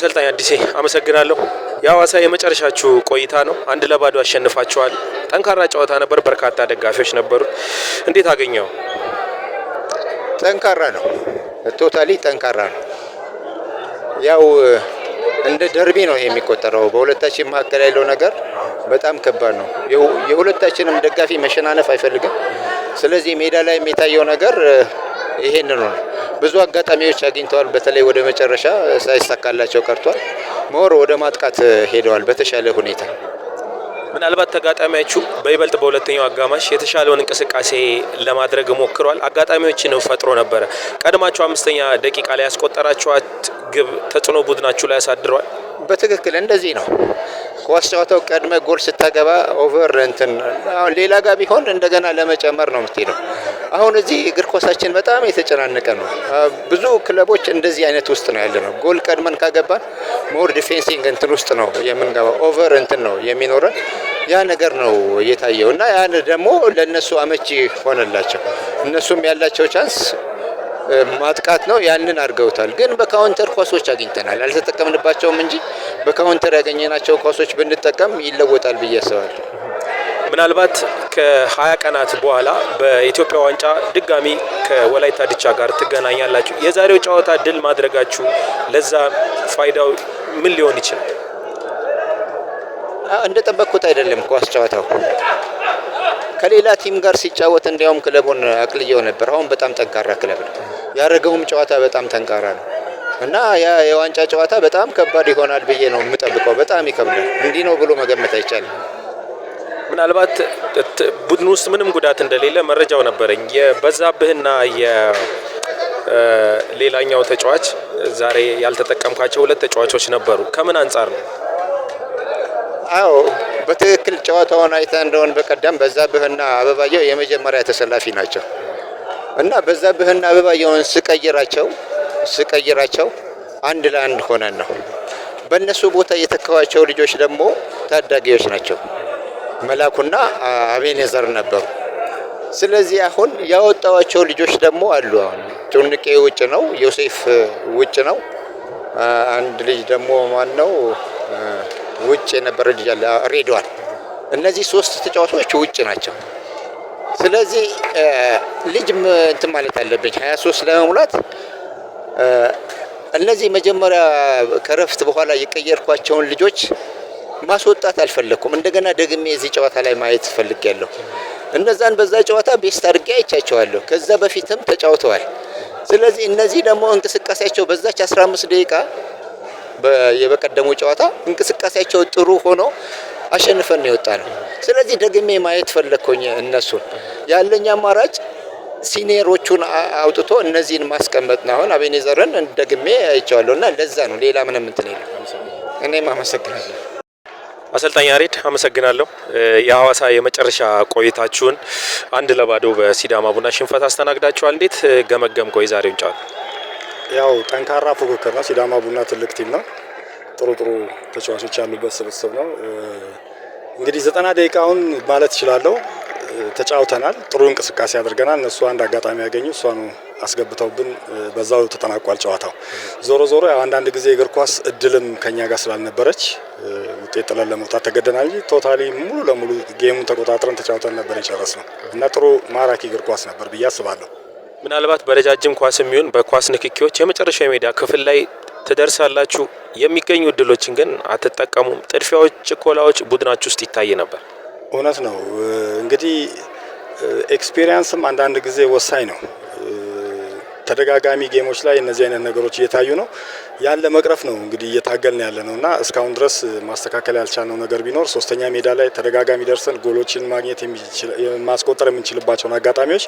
አሰልጣኝ አዲሴ አመሰግናለሁ። የሐዋሳ የመጨረሻችሁ ቆይታ ነው። አንድ ለባዶ አሸንፋችኋል። ጠንካራ ጨዋታ ነበር። በርካታ ደጋፊዎች ነበሩት። እንዴት አገኘው? ጠንካራ ነው። ቶታሊ ጠንካራ ነው። ያው እንደ ደርቢ ነው የሚቆጠረው። በሁለታችን መካከል ያለው ነገር በጣም ከባድ ነው። የሁለታችንም ደጋፊ መሸናነፍ አይፈልግም። ስለዚህ ሜዳ ላይ የሚታየው ነገር ይሄንኑ ነው። ብዙ አጋጣሚዎች አግኝተዋል። በተለይ ወደ መጨረሻ ሳይሳካላቸው ቀርቷል። ሞር ወደ ማጥቃት ሄደዋል በተሻለ ሁኔታ። ምናልባት ተጋጣሚያችሁ በይበልጥ በሁለተኛው አጋማሽ የተሻለውን እንቅስቃሴ ለማድረግ ሞክሯል። አጋጣሚዎችን ፈጥሮ ነበረ። ቀድማችሁ አምስተኛ ደቂቃ ላይ ያስቆጠራችኋት ግብ ተጽዕኖ ቡድናችሁ ላይ ያሳድረዋል። በትክክል እንደዚህ ነው። ኳስ ጨዋታው ቀድመ ጎል ስታገባ ኦቨር እንትን ሌላ ጋር ቢሆን እንደገና ለመጨመር ነው የምትሄደው። አሁን እዚህ እግር ኳሳችን በጣም የተጨናነቀ ነው። ብዙ ክለቦች እንደዚህ አይነት ውስጥ ነው ያለ ነው። ጎል ቀድመን ካገባን ሞር ዲፌንሲንግ እንትን ውስጥ ነው የምንገባው። ኦቨር እንትን ነው የሚኖረን። ያ ነገር ነው እየታየው እና ያን ደግሞ ለእነሱ አመቺ ሆነላቸው። እነሱም ያላቸው ቻንስ ማጥቃት ነው። ያንን አድርገውታል። ግን በካውንተር ኳሶች አግኝተናል። አልተጠቀምንባቸውም እንጂ በካውንተር ያገኘናቸው ኳሶች ብንጠቀም ይለወጣል ብዬ አስባለሁ። ምናልባት ከሀያ ቀናት በኋላ በኢትዮጵያ ዋንጫ ድጋሚ ከወላይታ ድቻ ጋር ትገናኛላችሁ። የዛሬው ጨዋታ ድል ማድረጋችሁ ለዛ ፋይዳው ምን ሊሆን ይችላል? እንደጠበቅኩት አይደለም ኳስ ጨዋታው ከሌላ ቲም ጋር ሲጫወት እንዲያውም ክለቡን አቅልየው ነበር። አሁን በጣም ጠንካራ ክለብ ነው። ያደረገውም ጨዋታ በጣም ጠንካራ ነው እና ያ የዋንጫ ጨዋታ በጣም ከባድ ይሆናል ብዬ ነው የምጠብቀው። በጣም ይከብዳል። እንዲህ ነው ብሎ መገመት አይቻልም። ምናልባት ቡድን ውስጥ ምንም ጉዳት እንደሌለ መረጃው ነበረኝ። የበዛብህና የሌላኛው ተጫዋች ዛሬ ያልተጠቀምኳቸው ሁለት ተጫዋቾች ነበሩ። ከምን አንጻር ነው? አዎ በትክክል ጨዋታውን አይተህ እንደሆን በቀደም በዛብህና አበባየው የመጀመሪያ ተሰላፊ ናቸው እና በዛብህና አበባየውን ስቀይራቸው ስቀይራቸው አንድ ለአንድ ሆነን ነው። በእነሱ ቦታ የተካዋቸው ልጆች ደግሞ ታዳጊዎች ናቸው። መላኩና አቤኔዘር ነበሩ። ስለዚህ አሁን ያወጣዋቸው ልጆች ደግሞ አሉ። አሁን ጭንቄ ውጭ ነው፣ ዮሴፍ ውጭ ነው። አንድ ልጅ ደግሞ ማን ነው ውጭ የነበረ ልጅ አለ፣ ሬድዋን። እነዚህ ሶስት ተጫዋቾች ውጭ ናቸው። ስለዚህ ልጅ እንትን ማለት አለብኝ 23 ለመሙላት እነዚህ መጀመሪያ ከረፍት በኋላ የቀየርኳቸውን ልጆች ማስወጣት አልፈለኩም። እንደገና ደግሜ እዚህ ጨዋታ ላይ ማየት ፈልጌያለሁ። እነዛን በዛ ጨዋታ ቤስት አድርጌ አይቻቸዋለሁ። ከዛ በፊትም ተጫውተዋል። ስለዚህ እነዚህ ደግሞ እንቅስቃሴያቸው በዛች 15 ደቂቃ የበቀደሙ ጨዋታ እንቅስቃሴያቸው ጥሩ ሆኖ አሸንፈን ነው የወጣ ነው። ስለዚህ ደግሜ ማየት ፈለግኩኝ። እነሱን ያለኝ አማራጭ ሲኒየሮቹን አውጥቶ እነዚህን ማስቀመጥ ነው። አሁን አቤኔዘርን ደግሜ አይቼዋለሁ እና ለዛ ነው ሌላ ምንም እንትን የለም። እኔም አመሰግናለሁ። አሰልጣኝ ያሬድ አመሰግናለሁ። የሐዋሳ የመጨረሻ ቆይታችሁን አንድ ለባዶ በሲዳማ ቡና ሽንፈት አስተናግዳችኋል። እንዴት ቆይ የዛሬውን ጨዋታ? ያው ጠንካራ ፉክክር ነው። ሲዳማ ቡና ትልቅ ቲም ነው። ጥሩ ጥሩ ተጫዋቾች ያሉበት ስብስብ ነው። እንግዲህ ዘጠና ደቂቃውን ማለት እችላለሁ ተጫውተናል። ጥሩ እንቅስቃሴ አድርገናል። እነሱ አንድ አጋጣሚ ያገኙ ነው አስገብተውብን በዛው ተጠናቋል ጨዋታው። ዞሮ ዞሮ አንዳንድ ጊዜ እግር ኳስ እድልም ከኛ ጋር ስላልነበረች ውጤት ጥለን ለመውጣት ተገደናል እንጂ ቶታሊ ሙሉ ለሙሉ ጌሙን ተቆጣጥረን ተጫውተን ነበር የጨረስነው እና ጥሩ ማራኪ እግር ኳስ ነበር ብዬ አስባለሁ። ምናልባት በረጃጅም ኳስ የሚሆን በኳስ ንክኪዎች የመጨረሻ የሜዳ ክፍል ላይ ትደርሳላችሁ፣ የሚገኙ እድሎችን ግን አትጠቀሙም። ጥድፊያዎች፣ ጭኮላዎች ቡድናችሁ ውስጥ ይታይ ነበር። እውነት ነው እንግዲህ ኤክስፔሪንስም አንዳንድ ጊዜ ወሳኝ ነው። ተደጋጋሚ ጌሞች ላይ እነዚህ አይነት ነገሮች እየታዩ ነው። ያን ለመቅረፍ ነው እንግዲህ እየታገልን ያለ ነው እና እስካሁን ድረስ ማስተካከል ያልቻልነው ነገር ቢኖር ሶስተኛ ሜዳ ላይ ተደጋጋሚ ደርሰን ጎሎችን ማግኘት ማስቆጠር የምንችልባቸውን አጋጣሚዎች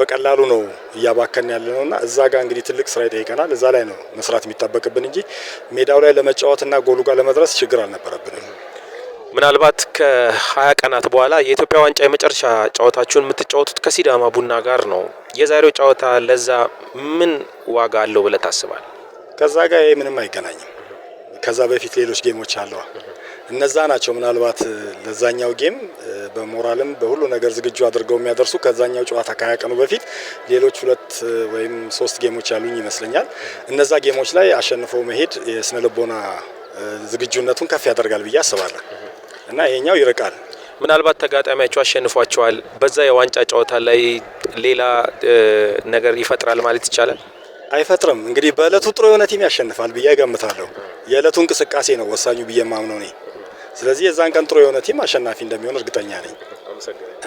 በቀላሉ ነው እያባከን ያለ ነው እና እዛ ጋር እንግዲህ ትልቅ ስራ ይጠይቀናል። እዛ ላይ ነው መስራት የሚጠበቅብን እንጂ ሜዳው ላይ ለመጫወትና ጎሉ ጋር ለመድረስ ችግር አልነበረብንም። ምናልባት ከሀያ ቀናት በኋላ የኢትዮጵያ ዋንጫ የመጨረሻ ጨዋታችሁን የምትጫወቱት ከሲዳማ ቡና ጋር ነው። የዛሬው ጨዋታ ለዛ ምን ዋጋ አለው ብለ ታስባል? ከዛ ጋር ይሄ ምንም አይገናኝም። ከዛ በፊት ሌሎች ጌሞች አለዋ። እነዛ ናቸው ምናልባት ለዛኛው ጌም በሞራልም በሁሉ ነገር ዝግጁ አድርገው የሚያደርሱ ከዛኛው ጨዋታ ካያቀኑ በፊት ሌሎች ሁለት ወይም ሶስት ጌሞች ያሉኝ ይመስለኛል። እነዛ ጌሞች ላይ አሸንፈው መሄድ የስነ ልቦና ዝግጁነቱን ከፍ ያደርጋል ብዬ አስባለሁ እና ይሄኛው ይርቃል። ምናልባት ተጋጣሚያቸው አሸንፏቸዋል። በዛ የዋንጫ ጨዋታ ላይ ሌላ ነገር ይፈጥራል ማለት ይቻላል? አይፈጥርም። እንግዲህ በእለቱ ጥሩ የሆነ ቲም ያሸንፋል ብዬ ገምታለሁ። የእለቱ እንቅስቃሴ ነው ወሳኙ ብዬ ማምነው ኔ ስለዚህ የዛን ቀን ጥሩ የሆነ ቲም አሸናፊ እንደሚሆን እርግጠኛ ነኝ።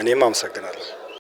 እኔም አመሰግናለሁ።